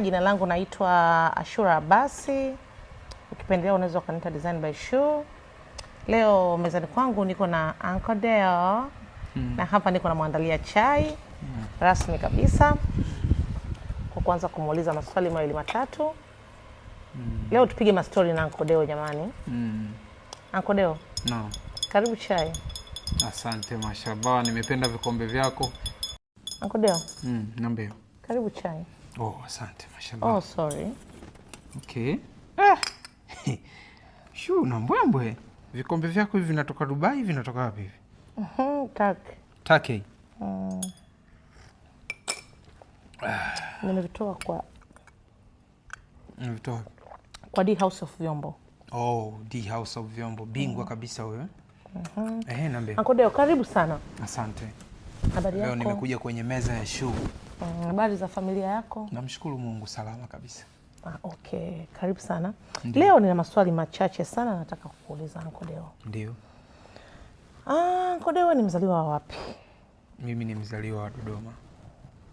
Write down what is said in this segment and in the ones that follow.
Jina langu naitwa Ashura Abasi, ukipendelea unaweza ukaniita Design by Shu. Leo mezani kwangu niko na Uncle Deo mm. na hapa niko namwandalia chai mm. rasmi kabisa, kwa kuanza kumuuliza maswali mawili matatu mm. Leo tupige mastori na Uncle Deo jamani mm. Uncle Deo no. Karibu chai. Asante mashabaa, nimependa vikombe vyako Uncle Deo mm, Karibu chai Oh, asante mashallah. Oh, sorry. Okay. Eh. Ah. Shu na mbwembwe. Vikombe vyako hivi vinatoka Dubai, vinatoka wapi hivi? Mhm, uh -huh, tak. Take. Mm. Ah. Nimevitoa kwa Nimevitoa kwa D House of Vyombo. Oh, D House of Vyombo. Bingwa mm. kabisa wewe. Mhm. Mm eh, nambe. Ankodeo, karibu sana. Asante. Habari yako? Leo nimekuja kwenye meza ya Shu. Mm, habari mm, za familia yako? Namshukuru Mungu salama kabisa. Ah, okay, karibu sana. Ndiyo. Leo nina maswali machache sana nataka kukuuliza Ankodeo. Ndio. Ah, Ankodeo ni mzaliwa wa wapi? Mimi ni mzaliwa wa Dodoma.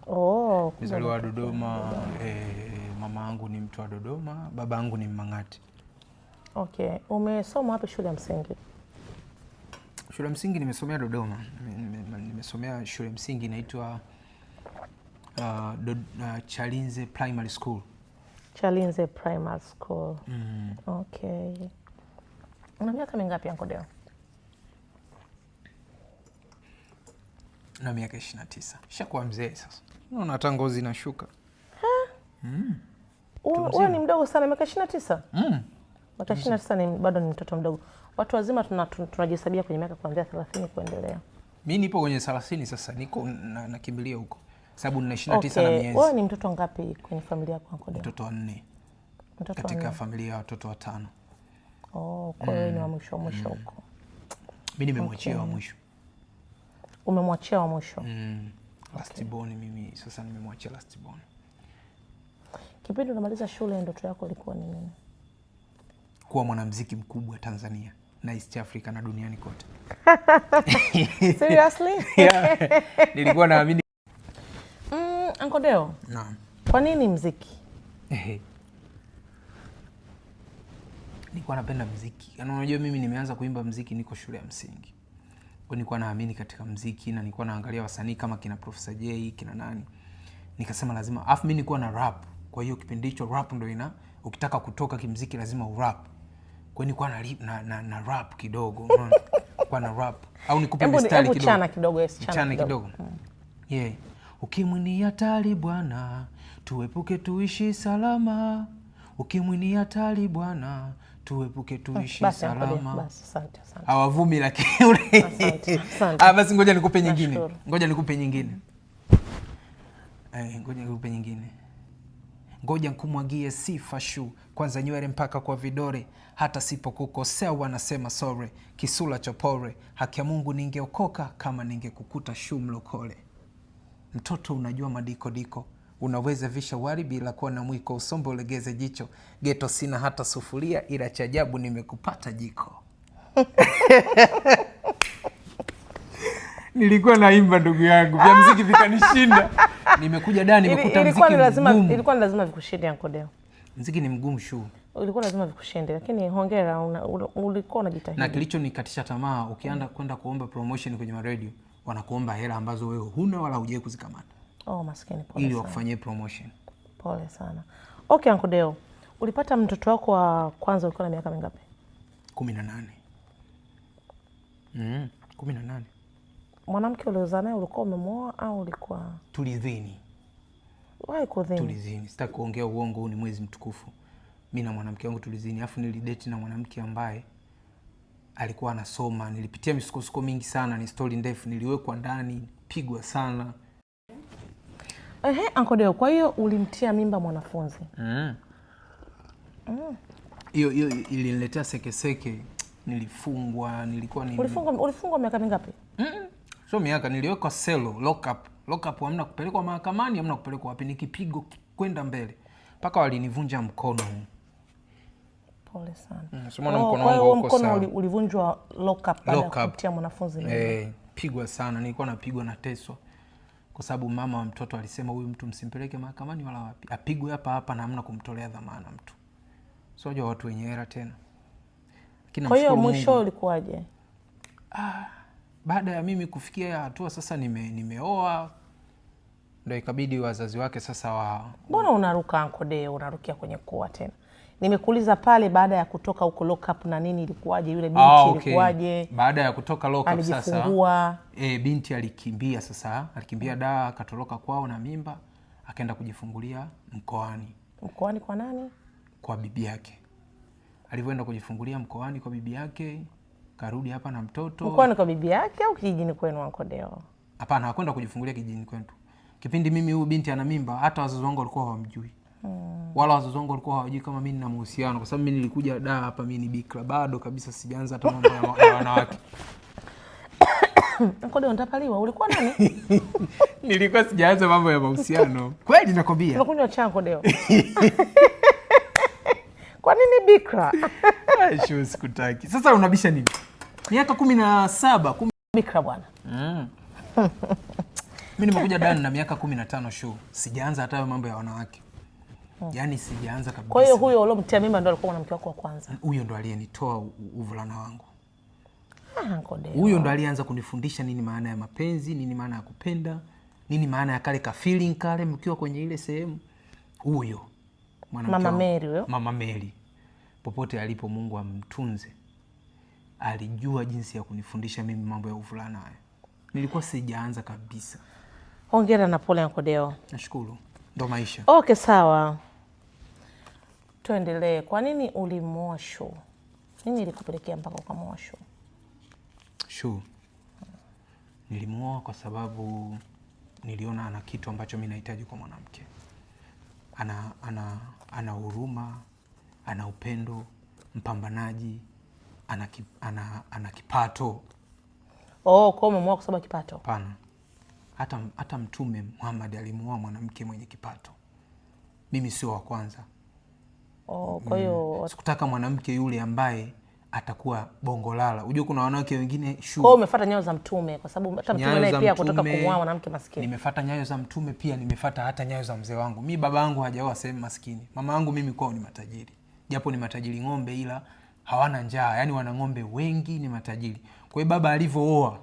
Oh, mzaliwa wa Dodoma. Eh, mama yangu ni mtu wa Dodoma, baba yangu ni Mmang'ati. Okay, umesoma wapi shule ya msingi? Shule ya msingi nimesomea Dodoma, nimesomea shule ya msingi inaitwa uh, do, uh, Chalinze Primary School. Chalinze Primary School. Mm. Okay. Una miaka mingapi yako Deo? Na miaka 29. Shakuwa mzee sasa. Unaona hata ngozi inashuka. Mm. Wewe ni mdogo sana miaka 29? Mm. Miaka 29 ni bado ni mtoto mdogo. Watu wazima tunajihesabia tuna kwenye miaka kuanzia 30 kuendelea. Mimi nipo kwenye 30 sasa, niko nakimbilia na huko sababu nina 29 okay, na miezi. Wewe ni mtoto ngapi kwenye familia yako Anko Deo? Mtoto wa nne. Mtoto katika ane, familia ya watoto watano. Oh, kwa hiyo mm, ni wa mm. mwisho mwisho mm. huko. Mm. Mimi nimemwachia okay, wa mwisho. Umemwachia wa mwisho? Mm. Last okay, born mimi sasa nimemwachia last born. Kipindi unamaliza shule ndoto yako ilikuwa ni nini? Kuwa mwanamuziki mkubwa Tanzania na East Africa na duniani kote. Seriously? Yeah. Nilikuwa naamini Ankodeo, naam. Kwa nini mziki? Nilikuwa napenda mziki. Yaani unajua mimi nimeanza kuimba mziki niko shule ya msingi. Kwa nilikuwa naamini katika mziki na nilikuwa naangalia wasanii kama kina Professor J, kina nani. Nikasema lazima afu mimi nilikuwa na rap. Kwa hiyo kipindi hicho rap ndio ina ukitaka kutoka kimziki lazima urap. Kwa hiyo nilikuwa na, na, na, na rap kidogo. Kwa na rap au nikupe mistari kidogo. Chana kidogo. Yes, chana kidogo. kidogo. Hmm. Yeah. Ukimwi ni hatari bwana, tuepuke tuishi salama. Ukimwi ni hatari bwana, tuepuke tuishi basi, salama. Hawavumi lakini ah, basi, ngoja nikupe nyingine, eh, ngoja nikupe nyingine, ngoja nikupe nyingine ngoja nkumwagie sifa shu kwanza nywele mpaka kwa vidore, hata sipokukosea wanasema sore, kisula chopore, haki ya Mungu ningeokoka kama ningekukuta shu mlokole. Mtoto unajua madikodiko, unaweza visha wali bila kuwa na mwiko, usombe ulegeze jicho. Geto sina hata sufuria, ila cha ajabu nimekupata jiko. Nilikuwa naimba ndugu yangu, vya mziki vikanishinda. Nimekuja da nimekuta mziki ni lazima, ilikuwa ni lazima vikushinde yankodeo. Mziki ni mgumu shuu, ulikuwa lazima vikushinde, lakini hongera, ulikuwa unajitahidi. Na kilichonikatisha tamaa, ukienda kwenda kuomba promotion kwenye maredio wanakuomba hela ambazo wewe huna wala hujai kuzikamata. Oh, maskini, pole ili wakufanyie promotion. Pole sana. Okay, Uncle Deo, ulipata mtoto wako wa kwanza ukiwa na miaka mingapi? kumi na nane. Mm, kumi na nane. Mwanamke uliozaa naye ulikuwa umemwoa au ulikuwa tulizini? Tulizini, sitaki kuongea uongo, huu ni mwezi mtukufu. Mi na mwanamke wangu tulizini, alafu nilideti na mwanamke ambaye alikuwa anasoma. Nilipitia misukosuko mingi sana, ni stori ndefu, niliwekwa ndani, pigwa sana. Ehe, ankodeo, kwa hiyo ulimtia mimba mwanafunzi mm. Mm. hiyo? Hiyo iliniletea sekeseke, nilifungwa, nilikuwa ni... ulifungwa, ulifungwa miaka mingapi? mm Sio miaka, niliwekwa selo, lock up. Lock up, hamna kupelekwa mahakamani, hamna kupelekwa wapi, ni kipigo kwenda mbele mpaka walinivunja mkono Pole sana. Mm, so mwana oh, mkono wangu uko sawa. Mkono ulivunjwa lock up baada ya kutia mwanafunzi. Eh, pigwa sana, nilikuwa napigwa na teso Kwa sababu mama wa mtoto alisema huyu mtu msimpeleke mahakamani wala wapi. Apigwe hapa hapa na hamna kumtolea dhamana mtu. So wajua watu wenye hera tena. Kina Kwa hiyo mwisho ulikuwaje? Ah, baada ya mimi kufikia hatua sasa nime nimeoa ndio ikabidi wazazi wake sasa wa mbona unaruka anko Deo unarukia kwenye kuwa tena Nimekuuliza pale baada ya kutoka huko lockup na nini, ilikuwaje yule binti? Ah, okay. Ilikuwaje baada ya kutoka lockup sasa? E, binti alikimbia sasa, alikimbia mm. da, akatoroka kwao na mimba, akaenda kujifungulia mkoani. Mkoani kwa nani? Kwa bibi yake. Alivyoenda kujifungulia mkoani kwa bibi yake, karudi hapa na mtoto. Mkoani kwa bibi yake au kijijini kwenu, Anko Hapana, hakwenda kujifungulia kijijini kwetu. Kipindi mimi huyu binti ana mimba, hata wazazi wangu walikuwa hawamjui Hmm. Wala wazazi wangu walikuwa hawajui kama mimi nina mahusiano kwa sababu mimi nilikuja da hapa mimi ni bikra bado kabisa sijaanza hata mambo ya wanawake. Kodi unatapaliwa ulikuwa nani? Nilikuwa sijaanza mambo ya mahusiano. Kweli nakwambia. Unakunywa chango leo. Kwa nini bikra? Aisho sikutaki. Sasa unabisha nini? Miaka 17, 10 kumi... bikra bwana. Mm. Mimi nimekuja ndani na miaka 15 na Sijaanza hata mambo ya wanawake mm. Yaani sijaanza kabisa. Kwa hiyo huyo uliomtia mimba ndo alikuwa mwanamke wako wa kwanza? Huyo ndo aliyenitoa uvulana wangu ah, huyo ndo alianza kunifundisha nini maana ya mapenzi, nini maana ya kupenda, nini maana ya kale ka feeling kale mkiwa kwenye ile sehemu. Huyo mama Meri, huyo mama Meri, popote alipo, Mungu amtunze, alijua jinsi ya kunifundisha mimi mambo ya uvulana hayo. Nilikuwa sijaanza kabisa. Hongera na pole Ankodeo. Nashukuru, ndo maisha. Okay, sawa tuendelee. Kwa nini ulimwoa Shu? Nini ilikupelekea mpaka ukamwoa Shu? Shu nilimwoa kwa sababu niliona ana kitu ambacho mi nahitaji kwa mwanamke. Ana ana ana huruma, ana upendo, mpambanaji, ana, ana, ana kipato. Oh, kwa umemwoa kwa sababu kipato? Hapana, hata hata Mtume Muhammad alimwoa mwanamke mwenye kipato. Mimi sio wa kwanza. Oh, kwa hiyo mm. Sikutaka mwanamke yule ambaye atakuwa bongo lala. Unajua kuna wanawake wengine shu. Kwa umefuata nyayo za mtume kwa sababu hata mtume naye pia kutoka kumwoa mwanamke maskini. Nimefuata nyayo za mtume pia nimefuata hata nyayo za mzee wangu. Mimi baba yangu hajaoa sehemu maskini. Mama yangu mimi kwao ni matajiri. Japo ni matajiri ng'ombe ila hawana njaa. Yaani wana ng'ombe wengi ni matajiri. Kwa hiyo baba alivyooa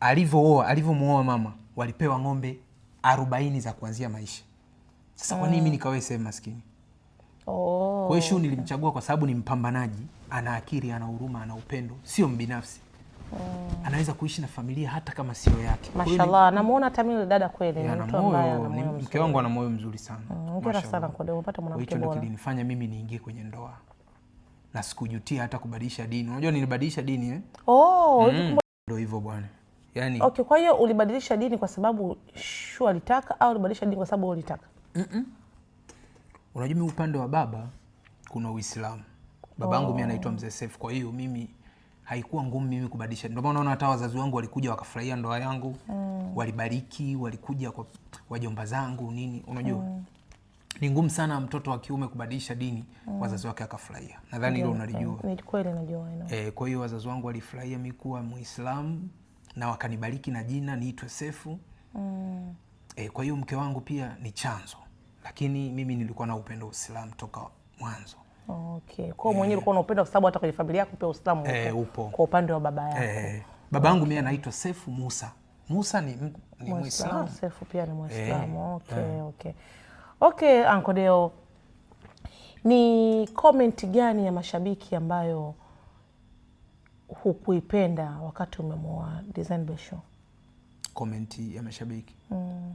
alivyooa alivyomwoa mama walipewa ng'ombe arobaini za kuanzia maisha. Sasa kwa nini mimi mm. nikawe sehemu maskini? Oh. Kwa hiyo nilimchagua kwa sababu ni mpambanaji, ana akili, ana huruma, ana upendo, sio mbinafsi. Mm. Anaweza kuishi na familia hata kama sio yake. Mashallah, namuona Tamil dada kweli ni mtu ambaye mke wangu ana moyo mzuri sana. Mm, hongera sana kwa leo umepata mwanamke bora. Hicho kilinifanya mimi niingie kwenye ndoa. Na sikujutia hata kubadilisha dini. Unajua nilibadilisha dini eh? Oh, mm. Ndio hivyo bwana. Yaani Okay, kwa hiyo ulibadilisha dini kwa sababu shua alitaka au ulibadilisha dini kwa sababu ulitaka? Mm -mm. Unajua mimi upande wa baba kuna Uislamu. Baba yangu oh. mimi anaitwa Mzee Seif, kwa hiyo mimi haikuwa ngumu mimi kubadilisha. Ndio maana unaona hata wazazi wangu walikuja wakafurahia ndoa yangu mm. walibariki, walikuja kwa wajomba zangu nini, unajua mm. ni ngumu sana mtoto wa kiume kubadilisha dini mm. wazazi wake akafurahia. Nadhani hilo unalijua. Kweli najua. Eh, kwa hiyo wazazi wangu walifurahia mimi kuwa Muislamu na wakanibariki na jina niitwe Sefu mm. eh, kwa hiyo mke wangu pia ni chanzo lakini mimi nilikuwa na upendo Uislamu toka mwanzo. Okay. Kwa hiyo mwenyewe ulikuwa unapenda kwa sababu hata kwenye familia yako pia Uislamu eh, upo. Kwa upande wa baba yako. Eh, eh. baba yangu okay. Mimi anaitwa Sefu Musa. Musa ni ni Muislamu. Sefu pia ni eh, Muislamu. Eh. Okay, Okay. Okay, Anko Deo. Ni comment gani ya mashabiki ambayo hukuipenda wakati umemwoa Design Besho? Comment ya mashabiki. Mm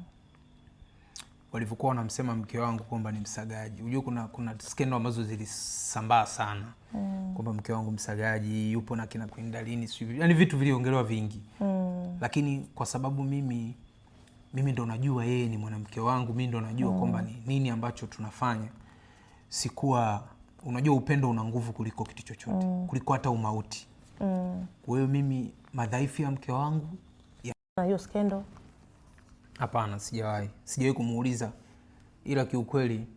walivyokuwa wanamsema mke wangu kwamba ni msagaji. Unajua kuna kuna skendo ambazo zilisambaa sana mm. kwamba mke wangu msagaji, yupo na kina Kwindalini, yani vitu viliongelewa vingi mm. lakini kwa sababu mimi mimi ndo najua yeye ni mwanamke wangu, mimi ndo najua mm. kwamba ni nini ambacho tunafanya. Sikuwa unajua, upendo una nguvu kuliko kitu chochote mm. kuliko hata umauti mm. kwa hiyo mimi madhaifu ya mke wangu hiyo skendo Hapana, sijawahi sijawahi kumuuliza, ila kiukweli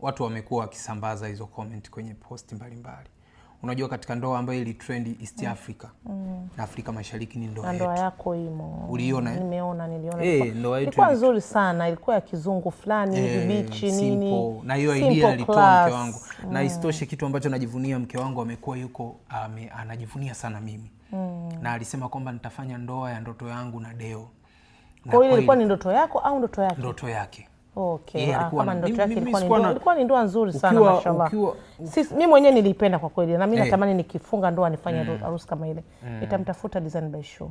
watu wamekuwa wakisambaza hizo comment kwenye posti mbalimbali. Unajua, katika ndoa ambayo ili trendi East mm. Africa mm. Mm. na Afrika Mashariki ni ndoa yetu. Ndoa yako imo, uliona? Nimeona, niliona eh, ndoa yetu ilikuwa nzuri sana, ilikuwa ya kizungu fulani hey, eh, bichi nini, na hiyo idea alitoa mke wangu mm. na isitoshe, kitu ambacho najivunia mke wangu amekuwa yuko ame, anajivunia sana mimi mm. na alisema kwamba nitafanya ndoa ya ndoto yangu na Deo kwa hiyo ilikuwa ni ndoto yako au ndoto yake? Ndoto yake. Okay. Yeah, ah, kama ndoto yake ilikuwa ni ndoa nzuri sana mashallah. Mimi mwenyewe nilipenda kwa kweli na mimi eh. natamani nikifunga ndoa nifanye mm. harusi kama ile. Mm. Nitamtafuta Design by Show.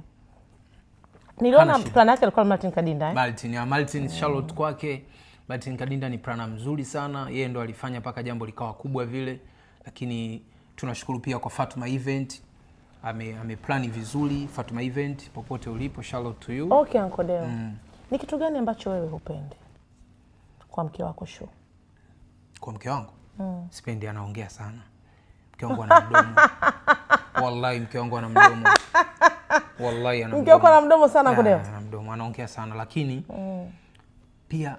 Niliona plan yake alikuwa Martin Kadinda eh? Martin, ya Martin mm. Charlotte kwake Martin Kadinda ni plana mzuri sana. Yeye ndo alifanya mpaka jambo likawa kubwa vile, lakini tunashukuru pia kwa Fatuma Event ame ame plani vizuri. Fatuma Event, popote ulipo, shout out to you. Okay Uncle Deo. Mm. Ni kitu gani ambacho wewe hupendi kwa mke wako show? Kwa mke wangu mm. Sipendi anaongea sana mke wangu ana mdomo wallahi, mke wangu ana mdomo wallahi, ana mdomo, Mke wako ana mdomo sana Uncle Deo, ah, ana mdomo, anaongea sana lakini mm. pia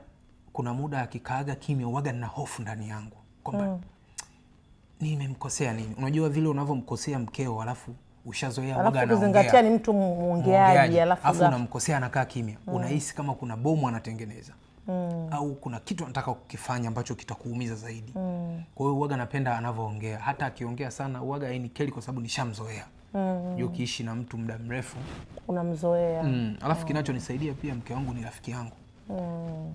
kuna muda akikaaga kimya uwaga na hofu ndani yangu kwamba mm. nimemkosea nini? Unajua vile unavyomkosea mkeo alafu ushazoea mboga na kuzingatia ni mtu muongeaji, alafu alafu unamkosea anakaa kimya mm. unahisi kama kuna bomu anatengeneza mm. au kuna kitu anataka kukifanya ambacho kitakuumiza zaidi mm. kwa hiyo uwaga napenda anavyoongea, hata akiongea sana uwaga keli, kwa sababu nishamzoea mm. juu kiishi na mtu muda mrefu unamzoea mm. alafu mm. kinachonisaidia pia mke wangu ni rafiki yangu mm.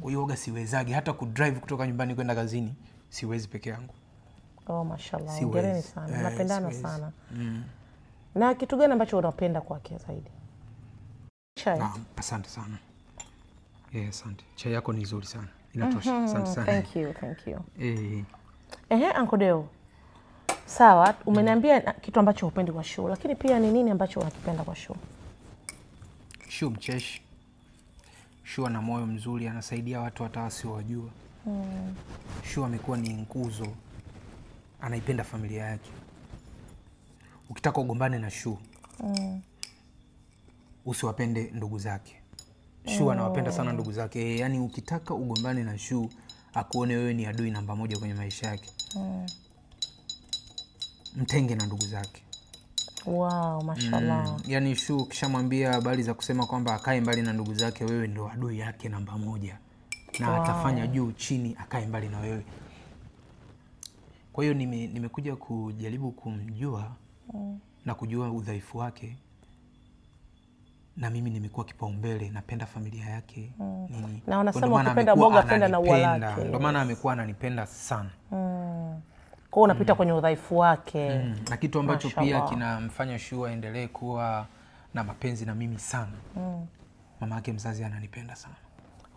kwa hiyo uwaga siwezagi hata kudrive kutoka nyumbani kwenda kazini siwezi peke yangu. Oh, mashallah. Hongereni sana. Eh, Napendana sana. Mm. Na kitu gani ambacho unapenda kwake zaidi? Chai. Ah, asante sana. Yeah, asante. Chai yako ni nzuri sana. Inatosha. Mm -hmm. Asante sana. Thank you, thank you. Eh. Ehe, Deo. Sawa, umeniambia mm. kitu ambacho hupendi kwa show, lakini pia ni nini ambacho unakipenda kwa show? Show mcheshi. Show ana moyo mzuri, anasaidia watu hata wasiowajua. Mm. Show amekuwa ni nguzo. Anaipenda familia yake ukitaka ugombane na Shu mm. usiwapende ndugu zake Shu mm. anawapenda sana ndugu zake e, yani ukitaka ugombane na Shu akuone wewe ni adui namba moja kwenye maisha yake mm. mtenge na ndugu zake. Wow, mashallah. Mm, yani Shu ukishamwambia habari za kusema kwamba akae mbali na ndugu zake, wewe ndo adui yake namba moja na wow. atafanya juu chini akae mbali na wewe. Kwa hiyo nime, nimekuja kujaribu kumjua na kujua udhaifu wake, na mimi nimekuwa kipaumbele, napenda familia yake mm. nini, na wanasema ukipenda penda na ua lake, ndio maana amekuwa ananipenda sana mm. Kwa unapita mm. kwenye udhaifu wake mm. na kitu ambacho Mashallah. pia kinamfanya Shua aendelee kuwa na mapenzi na mimi sana mm. mama yake mzazi ananipenda sana.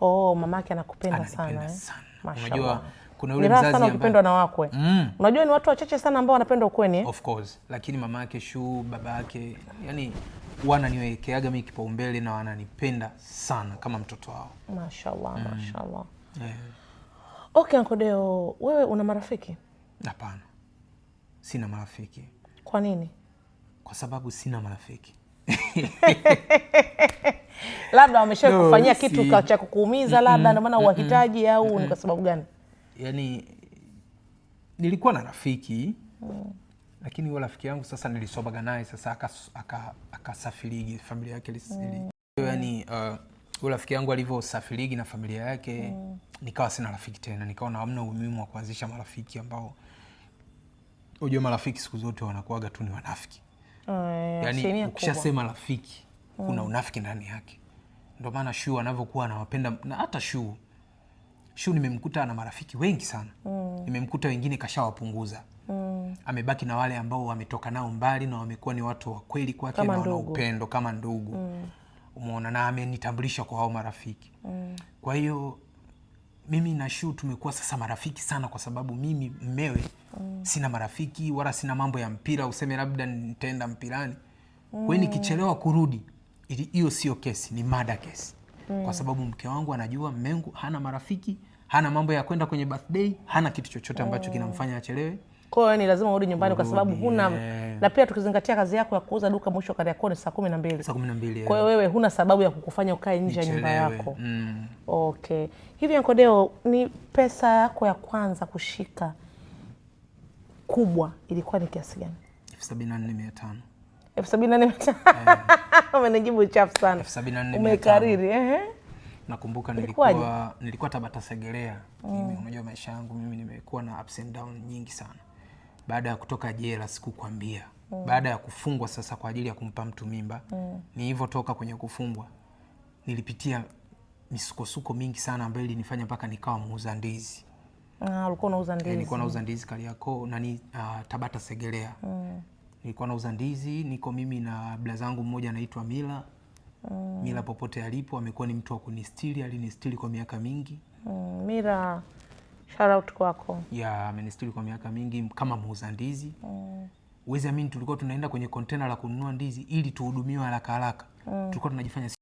Oh, mama yake anakupenda sana, eh? sana. Eh? Unajua kuna yule mzazi sana ukipendwa na wakwe mm. Unajua ni watu wachache sana ambao wanapenda ukweni, of course, lakini mama yake Shuu, baba yake, yani wananiwekeaga mimi kipaumbele na wananipenda sana kama mtoto wao. Mashallah, mm. mashallah yeah. Okay, Ankodeo, wewe una marafiki? Hapana, sina marafiki. Kwa nini? Kwa sababu sina marafiki labda wameshakufanyia no, kitu cha kukuumiza labda, mm ndio maana uhakitaji -mm, au -mm. ni kwa sababu gani? yani nilikuwa na rafiki mm. Lakini huyo rafiki yangu sasa nilisobaga naye sasa akasafirigi aka, aka familia yake mm. Yani uh, huyo rafiki yangu alivyosafirigi na familia yake mm. Nikawa sina rafiki tena, nikaona amna umuhimu wa kuanzisha marafiki ambao unajua marafiki siku zote wanakuwaga tu ni wanafiki mm, yani ukishasema rafiki mm. Kuna unafiki ndani yake, ndio maana Shuu anavyokuwa anawapenda na hata Shuu Shu nimemkuta na marafiki wengi sana mm. Nimemkuta wengine kashawapunguza mm. Amebaki na wale ambao wametoka nao mbali na wamekuwa ni watu wa kweli kwake na wana upendo kama ndugu mm. Umeona, na amenitambulisha kwa hao marafiki mm. Kwa hiyo mimi na Shu tumekuwa sasa marafiki sana, kwa sababu mimi mmewe mm. sina marafiki wala sina mambo ya mpira, useme labda nitaenda mpirani mm. Kwa hiyo nikichelewa kurudi, hiyo sio kesi, ni mada kesi mm. Kwa sababu mke wangu anajua mmengu hana marafiki hana mambo ya kwenda kwenye birthday, hana kitu chochote ambacho oh. kinamfanya achelewe. Kwa hiyo ni lazima urudi nyumbani kwa sababu huna yeah. Na pia tukizingatia kazi yako ya kuuza duka mwisho yako ni saa kumi na mbili. Saa kumi na mbili. Kwa hiyo wewe huna sababu ya kukufanya ukae nje ya nyumba yako mm. Okay, hivi Anko Deo, ni pesa yako ya kwanza kushika kubwa ilikuwa ni kiasi gani? elfu sabini na nne mia tano. Elfu sabini na nne mia tano. Eh. Umenijibu chafu sana. Umekariri. Nakumbuka nilikuwa, nilikuwa Tabata Segerea mm. mimi Unajua maisha yangu mimi nimekuwa na ups and down nyingi sana baada ya kutoka jela sikukwambia mm. baada ya kufungwa sasa kwa ajili ya kumpa mtu mimba mm. nilivyotoka kwenye kufungwa nilipitia misukosuko mingi sana ambayo ilinifanya mpaka nikawa muuza ndizi. Ah, ulikuwa unauza eh, ndizi? Nilikuwa nauza ndizi Kariakoo nani, uh, ah, Tabata Segerea mm. nilikuwa nauza ndizi, niko mimi na bla zangu mmoja anaitwa Mila mm. Eh. Mira popote alipo amekuwa ni mtu wa kunistiri, alinistiri kwa miaka mingi mm. Eh, Mira, shout out kwako. Yeah, amenistiri kwa miaka mingi kama muuza ndizi mm. Eh. Uwezi amini, tulikuwa tunaenda kwenye kontena la kununua ndizi ili tuhudumiwe haraka haraka mm. Tulikuwa tunajifanya